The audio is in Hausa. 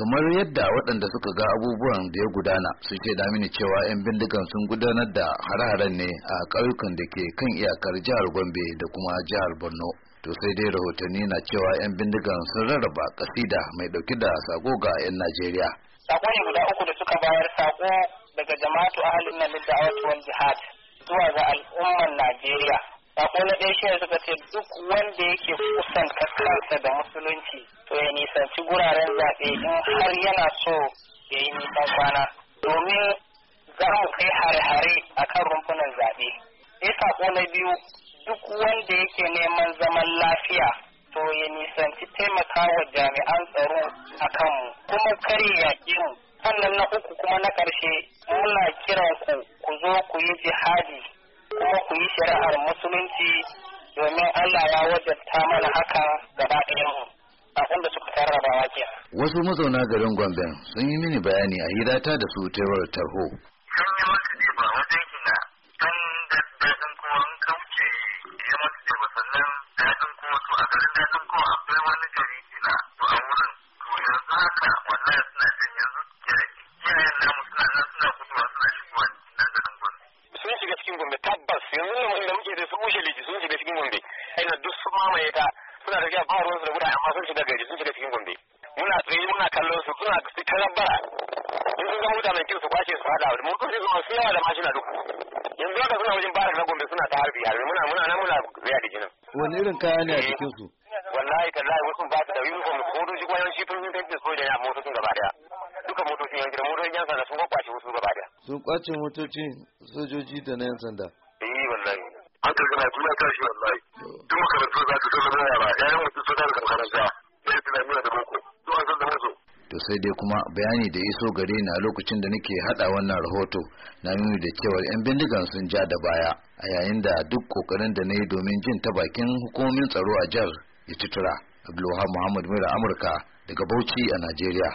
kamar yadda waɗanda suka ga abubuwan da ya gudana su ce da mini cewa 'yan bindigan sun gudanar da hare ne a ƙauyukan da ke kan iyakar jihar gombe da kuma jihar borno to sai dai rahotanni na cewa 'yan bindigan sun rarraba kasida mai ɗauki da sako ga 'yan najeriya sako ne guda uku da suka bayar sako daga jama'atu ahalin nan da awatuwan jihad shine suka ce duk wanda yake kusan kansa da musulunci to ya nisanci guraren zaɓe in har yana so ya yi nisan kwana domin za mu kai hare-hare a kan rumfunan zaɓe. ya sako na biyu duk wanda yake neman zaman lafiya to ya nisanci taimaka wa jami'an tsaro a kanmu kuma kar ya Sannan na uku kuma na ƙarshe muna kiran ku ku zo ku yi jihadi kuma ku yi shari'ar musulunci domin Allah ya wajabta mana haka gaba ɗayan a da suka tarrabawa ke. Wasu mazauna garin Gombe sun yi mini bayani a hirata da su tewar tarho. Sun yi mata ne ba wajen gina sun daɗin kuma an kauce ya mata ne ba sannan daɗin kuma to a garin daɗin kuma akwai wani gari gina cikin gombe tabbas yanzu nan wanda muke da su wuce liji sun shiga cikin gombe ina duk sun mamaye ta suna da tafiya ba ruwansu da mutane amma sun shiga gari sun shiga cikin gombe muna tsaye muna kallon su suna su ta rabbara in sun zama mutanen kin su kwace su hada mu kuma su su yawa da mashina duk yanzu haka suna wajen barak na gombe suna ta harbi harbi muna muna nan muna zaya da jinin wani irin kaya ne a cikin su wallahi tallahi wasu ba su da uniform ko doji kuma shi tun yi tantin soja ya motocin gaba daya duka motocin yanzu da motocin yan sanda sun kwakwace wasu sun kwace motocin sojoji da na yan sanda eh wallahi an ka gana kuma ka shi wallahi duk makarantu za su zama yara yayan mutum sun daga makaranta sai tunani da boko to an san da musu to sai dai kuma bayani da iso gare na lokacin da nake hada wannan rahoto na nuni da cewar yan bindigan sun ja da baya a yayin da duk kokarin da na yi domin jin ta bakin hukumomin tsaro a jihar ya ci tura abdulwahab muhammad mura amurka daga bauchi a najeriya